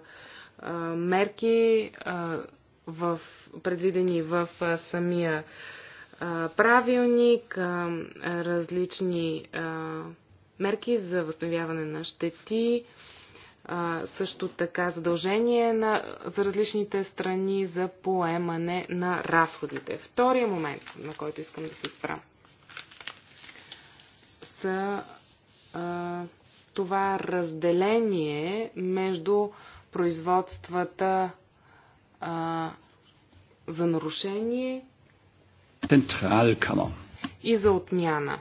а, мерки а, в, предвидени в а, самия а, правилник, а, различни а, мерки за възстановяване на щети а, също така задължение на, за различните страни за поемане на разходите. Втория момент, на който искам да се спра, са а, това разделение между производствата а, за нарушение и за отмяна.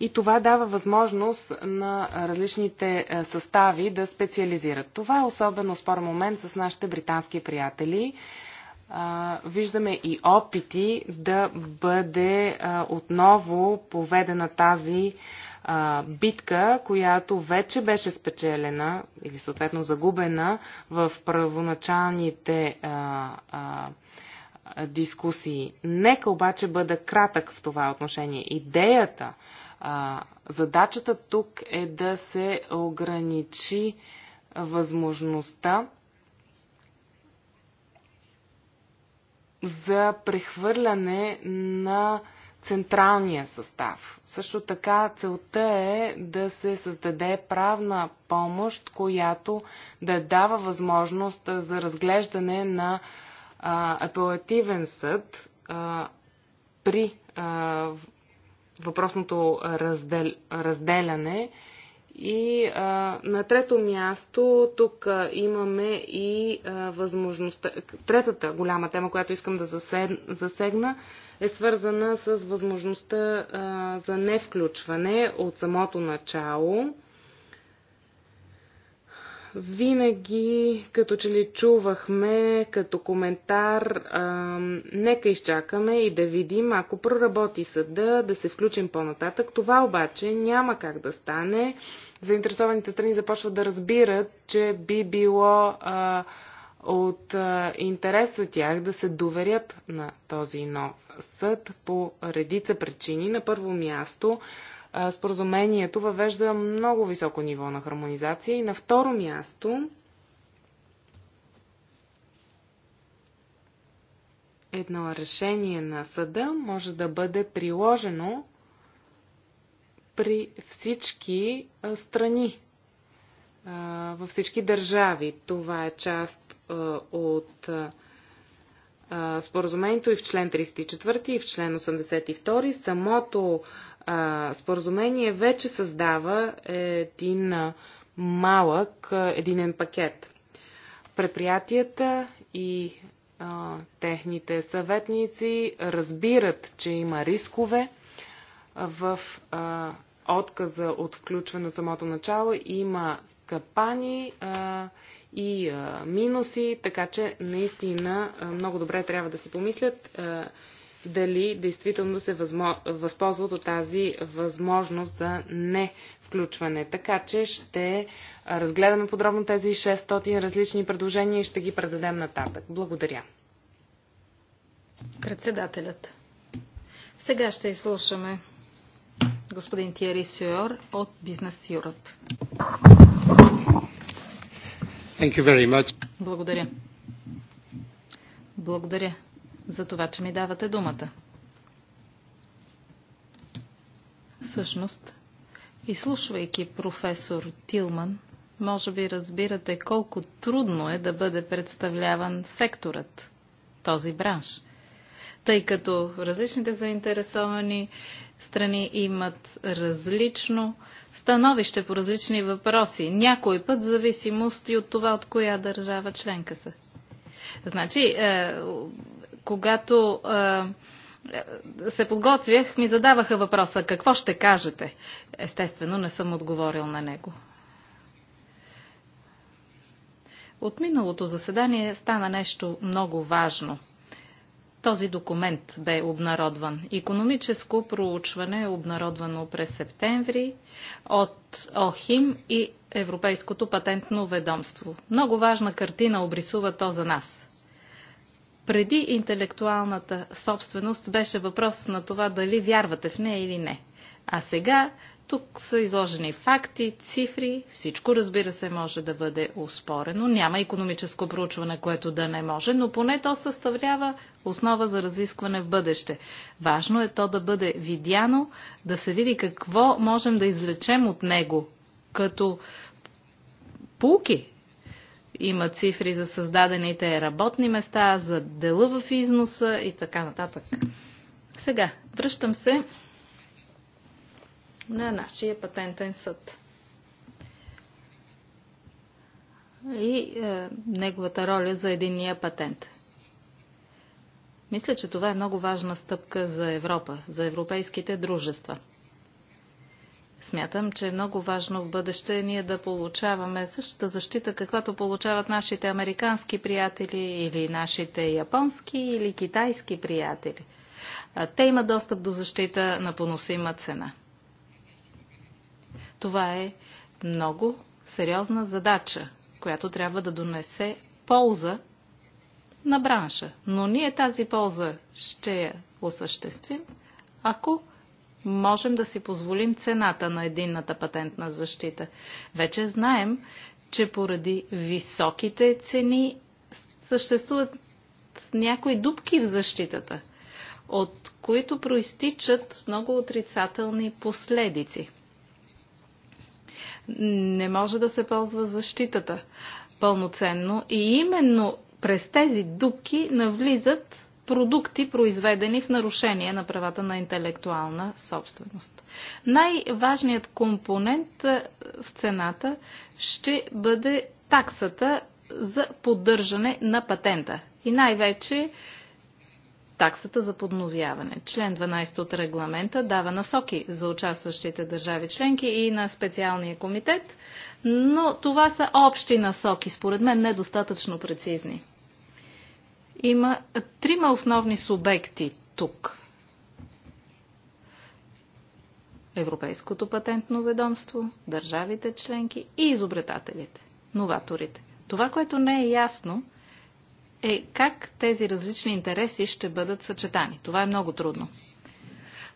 И това дава възможност на различните е, състави да специализират. Това е особено спор момент с нашите британски приятели. Виждаме и опити да бъде е, отново поведена тази е, битка, която вече беше спечелена или съответно загубена в първоначалните дискусии. Нека обаче бъда кратък в това отношение. Идеята а, задачата тук е да се ограничи възможността за прехвърляне на централния състав. Също така целта е да се създаде правна помощ, която да дава възможност за разглеждане на а, апелативен съд а, при а, въпросното раздел, разделяне. И а, на трето място тук а, имаме и а, възможността. Третата голяма тема, която искам да засегна, е свързана с възможността а, за невключване от самото начало винаги като че ли чувахме като коментар, а, нека изчакаме и да видим, ако проработи съда, да се включим по-нататък. Това обаче няма как да стане. Заинтересованите страни започват да разбират, че би било а, от а, интерес за тях да се доверят на този нов съд по редица причини. На първо място, споразумението въвежда много високо ниво на хармонизация и на второ място едно решение на съда може да бъде приложено при всички страни, във всички държави. Това е част от споразумението и в член 34 и в член 82 самото а, споразумение вече създава един малък единен пакет. Предприятията и а, техните съветници разбират, че има рискове в а, отказа от включване от самото начало. Има капани а, и а, минуси, така че наистина а, много добре трябва да се помислят а, дали действително се възмо... възползват от тази възможност за не включване. Така че ще разгледаме подробно тези 600 различни предложения и ще ги предадем нататък. Благодаря. Председателят. Сега ще изслушаме господин Тиери Сюор от Бизнес Юръп. Thank you very much. Благодаря. Благодаря за това, че ми давате думата. Всъщност, изслушвайки професор Тилман, може би разбирате колко трудно е да бъде представляван секторът, този бранш тъй като различните заинтересовани страни имат различно становище по различни въпроси. Някой път в зависимост и от това, от коя държава членка са. Значи, е, когато е, се подготвях, ми задаваха въпроса какво ще кажете. Естествено, не съм отговорил на него. От миналото заседание стана нещо много важно. Този документ бе обнародван. Економическо проучване е обнародвано през септември от ОХИМ и Европейското патентно ведомство. Много важна картина обрисува то за нас. Преди интелектуалната собственост беше въпрос на това дали вярвате в нея или не. А сега тук са изложени факти, цифри, всичко разбира се може да бъде успорено. Няма економическо проучване, което да не може, но поне то съставлява основа за разискване в бъдеще. Важно е то да бъде видяно, да се види какво можем да извлечем от него като пулки. Има цифри за създадените работни места, за дела в износа и така нататък. Сега, връщам се на нашия патентен съд. И е, неговата роля за единия патент. Мисля, че това е много важна стъпка за Европа, за европейските дружества. Смятам, че е много важно в бъдеще ние да получаваме същата защита, каквато получават нашите американски приятели или нашите японски или китайски приятели. Те имат достъп до защита на поносима цена. Това е много сериозна задача, която трябва да донесе полза на бранша. Но ние тази полза ще я осъществим, ако можем да си позволим цената на единната патентна защита. Вече знаем, че поради високите цени съществуват някои дубки в защитата, от които проистичат много отрицателни последици не може да се ползва защитата пълноценно. И именно през тези дупки навлизат продукти, произведени в нарушение на правата на интелектуална собственост. Най-важният компонент е, в цената ще бъде таксата за поддържане на патента. И най-вече таксата за подновяване. Член 12 от регламента дава насоки за участващите държави членки и на специалния комитет, но това са общи насоки, според мен недостатъчно прецизни. Има трима основни субекти тук. Европейското патентно ведомство, държавите членки и изобретателите, новаторите. Това, което не е ясно, е как тези различни интереси ще бъдат съчетани. Това е много трудно.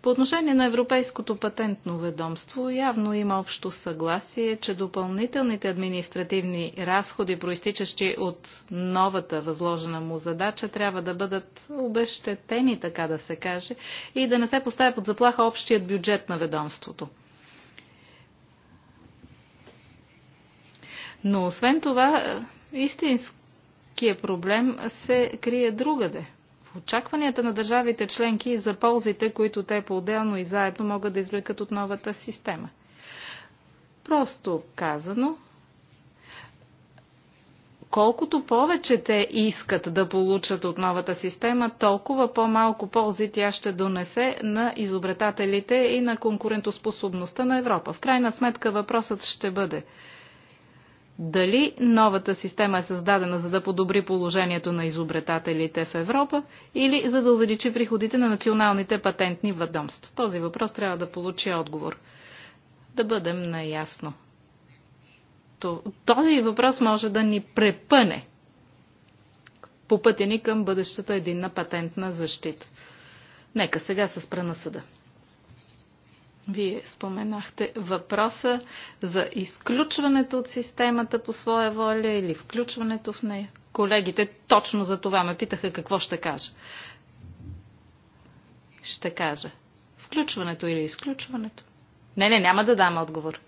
По отношение на Европейското патентно ведомство, явно има общо съгласие, че допълнителните административни разходи, проистичащи от новата възложена му задача, трябва да бъдат обещетени, така да се каже, и да не се поставя под заплаха общият бюджет на ведомството. Но освен това, истинско истинския проблем се крие другаде. В очакванията на държавите членки за ползите, които те по-отделно и заедно могат да извлекат от новата система. Просто казано, колкото повече те искат да получат от новата система, толкова по-малко ползи тя ще донесе на изобретателите и на конкурентоспособността на Европа. В крайна сметка въпросът ще бъде – дали новата система е създадена за да подобри положението на изобретателите в Европа или за да увеличи приходите на националните патентни ведомства? Този въпрос трябва да получи отговор. Да бъдем наясно. Този въпрос може да ни препъне по пътя ни към бъдещата единна патентна защита. Нека сега се спра на съда. Вие споменахте въпроса за изключването от системата по своя воля или включването в нея. Колегите точно за това ме питаха какво ще кажа. Ще кажа. Включването или изключването? Не, не, няма да дам отговор.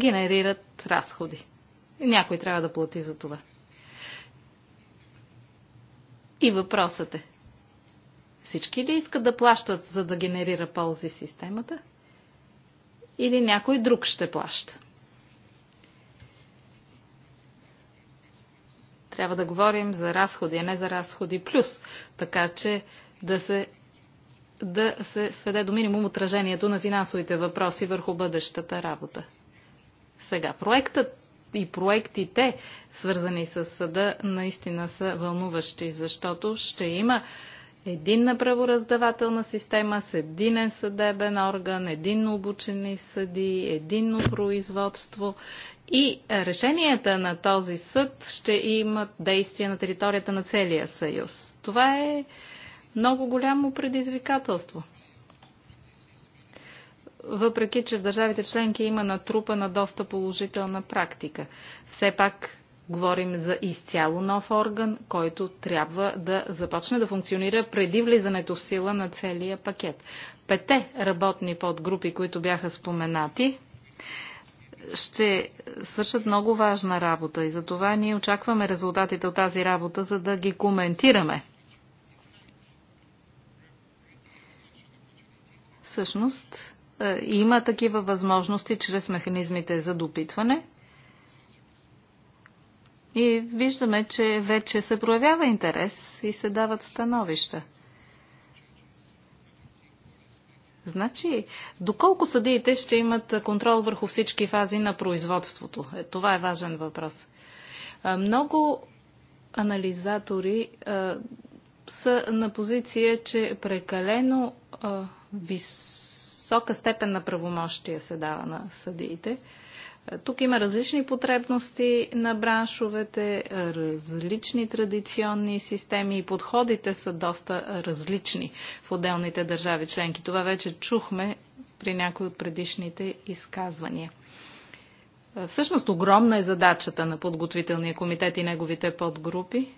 Генерират разходи. Някой трябва да плати за това. И въпросът е, всички ли искат да плащат, за да генерира ползи системата? Или някой друг ще плаща? Трябва да говорим за разходи, а не за разходи плюс, така че да се, да се сведе до минимум отражението на финансовите въпроси върху бъдещата работа. Сега, проектът и проектите, свързани с съда, наистина са вълнуващи, защото ще има единна правораздавателна система с единен съдебен орган, единно обучени съди, единно производство и решенията на този съд ще имат действие на територията на целия съюз. Това е много голямо предизвикателство. Въпреки, че в държавите членки има натрупана доста положителна практика. Все пак Говорим за изцяло нов орган, който трябва да започне да функционира преди влизането в сила на целия пакет. Пете работни подгрупи, които бяха споменати, ще свършат много важна работа и за това ние очакваме резултатите от тази работа, за да ги коментираме. Всъщност, е, има такива възможности чрез механизмите за допитване – и виждаме, че вече се проявява интерес и се дават становища. Значи, доколко съдиите ще имат контрол върху всички фази на производството? Е, това е важен въпрос. Много анализатори а, са на позиция, че прекалено а, висока степен на правомощие се дава на съдиите. А, тук има различни потребности на браншовете, различни традиционни системи и подходите са доста различни в отделните държави членки. Това вече чухме при някои от предишните изказвания. Всъщност огромна е задачата на подготвителния комитет и неговите подгрупи.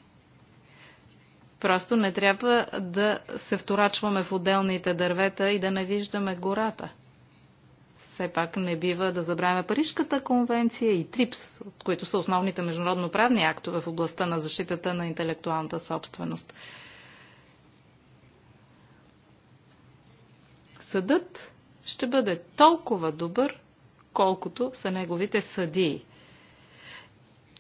Просто не трябва да се вторачваме в отделните дървета и да не виждаме гората – все пак не бива да забравяме Парижката конвенция и ТРИПС, от които са основните международно-правни актове в областта на защитата на интелектуалната собственост. Съдът ще бъде толкова добър, колкото са неговите съдии.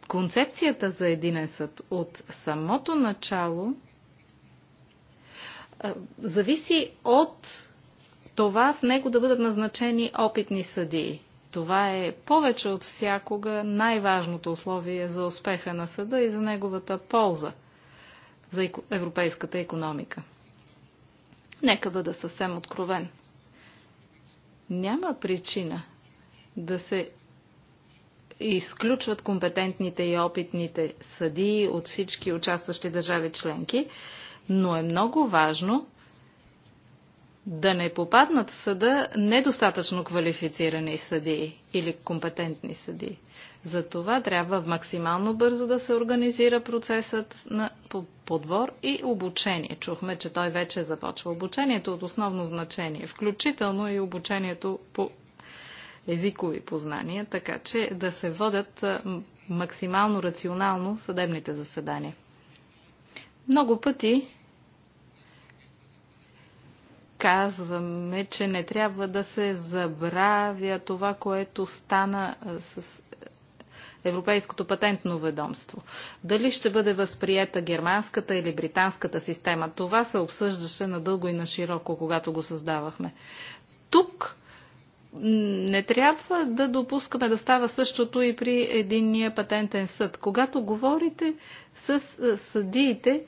Концепцията за единен съд от самото начало зависи от това в него да бъдат назначени опитни съдии. Това е повече от всякога най-важното условие за успеха на съда и за неговата полза за европейската економика. Нека бъда съвсем откровен. Няма причина да се изключват компетентните и опитните съдии от всички участващи държави членки, но е много важно да не попаднат в съда недостатъчно квалифицирани съдии или компетентни съдии. За това трябва максимално бързо да се организира процесът на подбор и обучение. Чухме, че той вече започва. Обучението от основно значение, включително и обучението по езикови познания, така че да се водят максимално рационално съдебните заседания. Много пъти казваме, че не трябва да се забравя това, което стана с е, Европейското патентно ведомство. Дали ще бъде възприета германската или британската система? Това се обсъждаше надълго и на широко, когато го създавахме. Тук не трябва да допускаме да става същото и при единния патентен съд. Когато говорите с е, съдиите,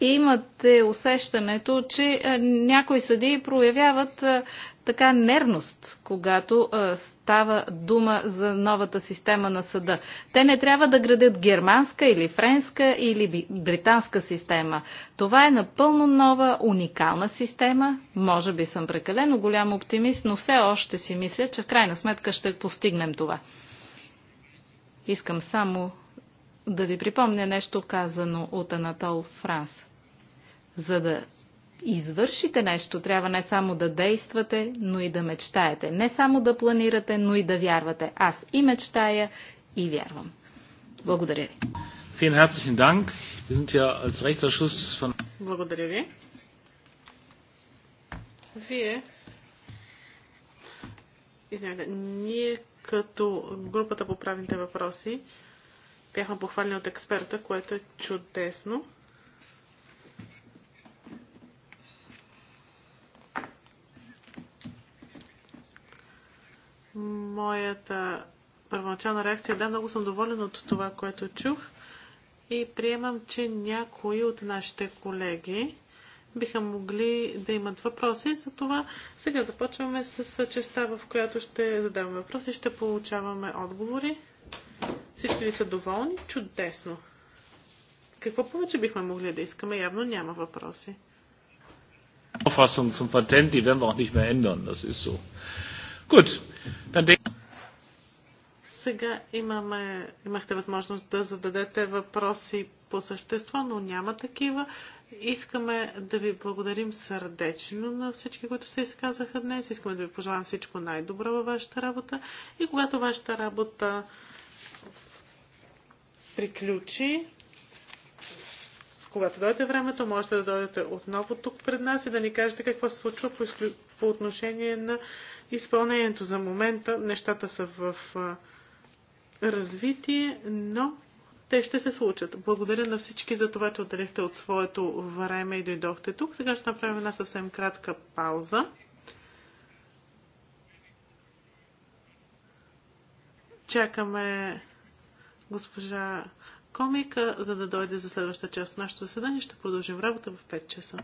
имате усещането, че е, някои съдии проявяват е, така нервност, когато е, става дума за новата система на съда. Те не трябва да градят германска или френска или британска система. Това е напълно нова, уникална система. Може би съм прекалено голям оптимист, но все още си мисля, че в крайна сметка ще постигнем това. Искам само да ви припомня нещо казано от Анатол Франс. За да извършите нещо, трябва не само да действате, но и да мечтаете. Не само да планирате, но и да вярвате. Аз и мечтая, и вярвам. Благодаря ви. Благодаря ви. Вие. Извинете, ние като групата по правните въпроси бяхме похвалени от експерта, което е чудесно. Моята първоначална реакция е, да, много съм доволен от това, което чух и приемам, че някои от нашите колеги биха могли да имат въпроси. За това сега започваме с частта, в която ще задаваме въпроси, ще получаваме отговори. Всички ли са доволни? Чудесно! Какво повече бихме могли да искаме? Явно няма въпроси. Auffassung zum Patent, die werden wir auch nicht mehr ändern. Das ist so. Gut, сега имаме, имахте възможност да зададете въпроси по същество, но няма такива. Искаме да ви благодарим сърдечно на всички, които се изказаха днес. Искаме да ви пожелаем всичко най-добро във вашата работа. И когато вашата работа приключи, когато дойде времето, можете да дойдете отново тук пред нас и да ни кажете какво се случва по по отношение на изпълнението. За момента нещата са в развитие, но те ще се случат. Благодаря на всички за това, че отделихте от своето време и дойдохте тук. Сега ще направим една съвсем кратка пауза. Чакаме госпожа Комика, за да дойде за следващата част от нашето заседание. Ще продължим работа в 5 часа.